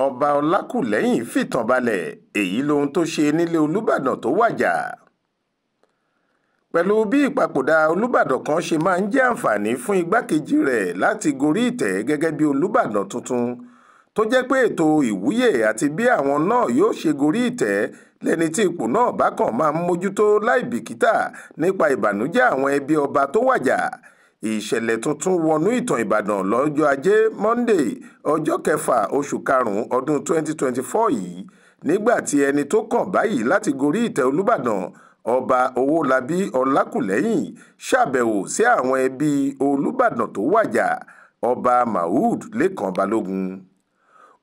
ọba ọlákùlẹ́hìn fìtàn balẹ̀ èyí lohun tó ṣe nílé olùbàdàn tó wàjà pẹ̀lú bí ìpapòdà olùbàdàn kan ṣe máa ń jẹ́ àǹfààní fún igbákejì rẹ̀ láti gorí ìtẹ́ gẹ́gẹ́ bí olùbàdàn tuntun tó jẹ́ pé ètò ìwúyè àti bí àwọn náà yóò ṣe gorí ìtẹ́ lẹ́ni tí ipò náà bákan máa ń mójútó láìbìkítà nípa ìbànújẹ́ àwọn ẹbí ọba tó wàjà ìṣẹ̀lẹ̀ tuntun wọnú ìtàn ìbàdàn lọ́jọ́ ajé monday ọjọ́ kẹfà oṣù karùn-ún ọdún 2024 yìí nígbà tí ẹni tó kàn báyìí láti gorí ìtẹ́ olùbàdàn ọba owólabí ọlákùlẹ́yìn ṣàbẹ̀wò sí àwọn ẹbí olùbàdàn tó wàjà ọba mahood lẹ́kàn balógun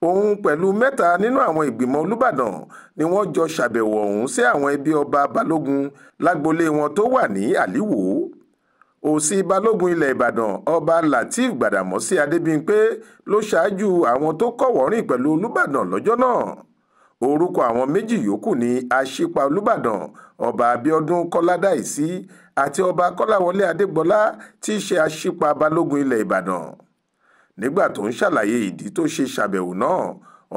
òun pẹ̀lú mẹ́ta nínú àwọn ìgbìmọ̀ olùbàdàn ni wọ́n jọ ṣàbẹ̀wò ọ̀hún sí àwọn ẹbí ọba balógun lágbolé wọn tó wà ní àlìwò òsì balógun ilẹ̀ ìbàdàn ọba lateef gbàdàmọ́sí adébíyìnpé ló ṣáájú àwọn tó kọ̀wọ̀rìn pẹ̀lú olùbàdàn lọ́jọ́ náà orúkọ àwọn méjì yòókù ni aṣípa olùbàdàn ọba abíọ́dún kọ́ládàísí àti ọba kọ́láwọlé adégbọlá tí í ṣe aṣípa balógun ilẹ̀ ìbàdàn nígbà tó ń ṣàlàyé ìdí tó ṣe ṣàbẹ̀wò náà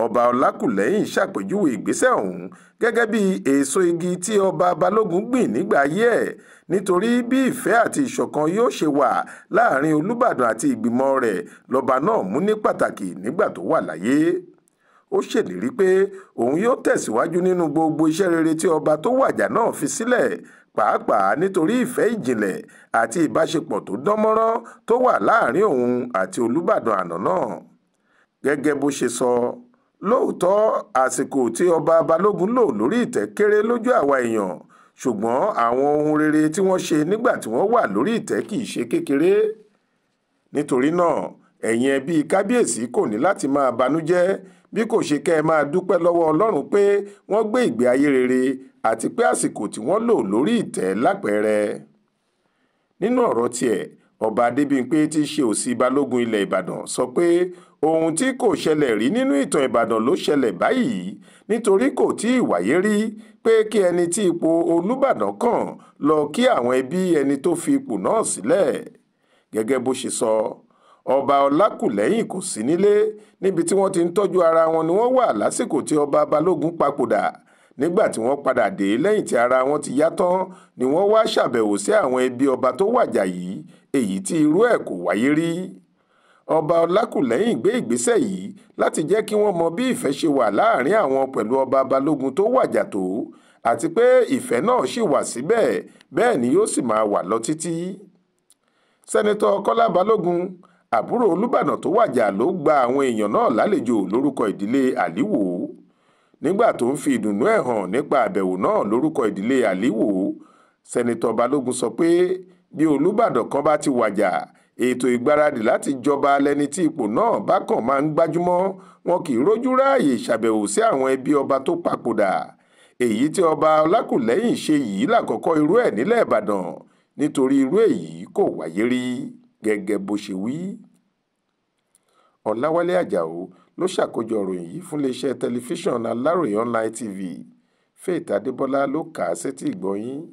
ọba ọlákùlẹ́yìn ṣàpèjúwe ìgbésẹ̀ ọ̀hún gẹ́gẹ́ bí èso igi tí ọba balógun gbìn nígbà ayé ẹ̀ nítorí bí ìfẹ́ àti ìṣọ̀kan yóò ṣe wà láàrin olùbàdàn àti ìgbìmọ̀ rẹ̀ lọ́ba náà mú ní pàtàkì nígbà tó wà láyé ó ṣèlérí pé òun yóò tẹ̀síwájú nínú gbogbo iṣẹ́ rere tí ọba tó wàjà náà fi sílẹ̀ pàápàá nítorí ìfẹ́ ìjìnlẹ̀ àti ìbáṣepọ̀ tó dánmọ́rán tó wà láàrin òun àti olùbàdàn àná náà gẹ́gẹ́ bó ṣe sọ lóòótọ́ àsìkò tí ọba balógun lò lórí ìtẹ́ kéré lójú àwa èèyàn ṣùgbọ́n àwọn ohun rere tí wọ́n ṣe nígbà tí wọ́n wà lórí ìtẹ́ kì í ṣe kékeré nítorí náà ẹ̀yin ẹbí kábíyèsí kò ní láti máa banújẹ́ bí kò ṣe kẹ́ ẹ máa dúpẹ́ lọ́wọ́ ọlọ́run pé wọ́n gbé ìgbé ayé rere àti pé àsìkò tí wọ́n lò lórí ìtẹ́ lápẹẹrẹ nínú ọ̀rọ̀ tiẹ̀ ọba adébíyìnpé tí í ṣe òsì balógun ilẹ̀ ìbàdàn sọ pé ohun tí kò ṣẹlẹ̀ rí nínú ìtàn ìbàdàn ló ṣẹlẹ̀ báyìí nítorí kò tí ì wáyé rí pé kí ẹni tí ipò olùbàdàn kàn lọ kí àwọn ẹbí ẹni tó fi ipò náà sílẹ̀ gẹ́gẹ́ bó ṣe sọ ọba ọlákùlẹ́yìn kò sí nílé níbi tí wọ́n ti ń tọ́jú ara wọn ni wọ́n wà lásìkò tí ọba balógun papòdà nígbà tí wọ́n padà dé lẹ́yìn tí ara wọn ti yá tán ni wọ́n wá ṣàbẹ̀wò sí àwọn ẹbí ọba tó wàjà yìí èyí tí irú ẹ̀ kò wáyé rí ọba ọlákùlẹ́yìn gbé ìgbésẹ̀ yìí láti jẹ́ kí wọ́n mọ bí ìfẹ́ ṣe wà láàrin àwọn pẹ̀lú ọba balógun tó wàjà tó àti pé ìfẹ́ náà ṣì wà síbẹ̀ bẹ́ẹ̀ ni yóò sì máa wà lọ títí. sẹ́nitọ́ kọ́lá balógun àbúrò olùbàdàn tó wàjà ló gba àwọn èèyàn náà lálejò lórúkọ ìdílé àlíwò nígbà tó ń fi ìdùnnú ẹ̀ hàn nípa àbẹ̀wò náà lórúkọ ìdílé àlíwò sẹ́nitọ́ balógun sọ pé bí olùbàdàn kan bá ti wàjà ètò ìgbaradì láti jọba lẹni tí ipò náà bá kàn máa ń gbájúmọ́ wọn kì í rójú ráàyè ṣàbẹ̀wò sí àwọn ẹbí ọba tó papòdà èyí tí ọba ọlákùlẹ́yìn ṣe yìí làkọ́kọ́ irú ẹ̀ nílẹ̀ ìbàdàn nítorí irú èyí kò wáyé rí gẹ́gẹ́ bó ṣe wí. ọ̀làwálé ajáò ló ṣàkójọ ìròyìn yìí fún iléeṣẹ́ tẹlifíṣàn aláròye online tv faith adébọlá ló kà á sétí ìgbọ́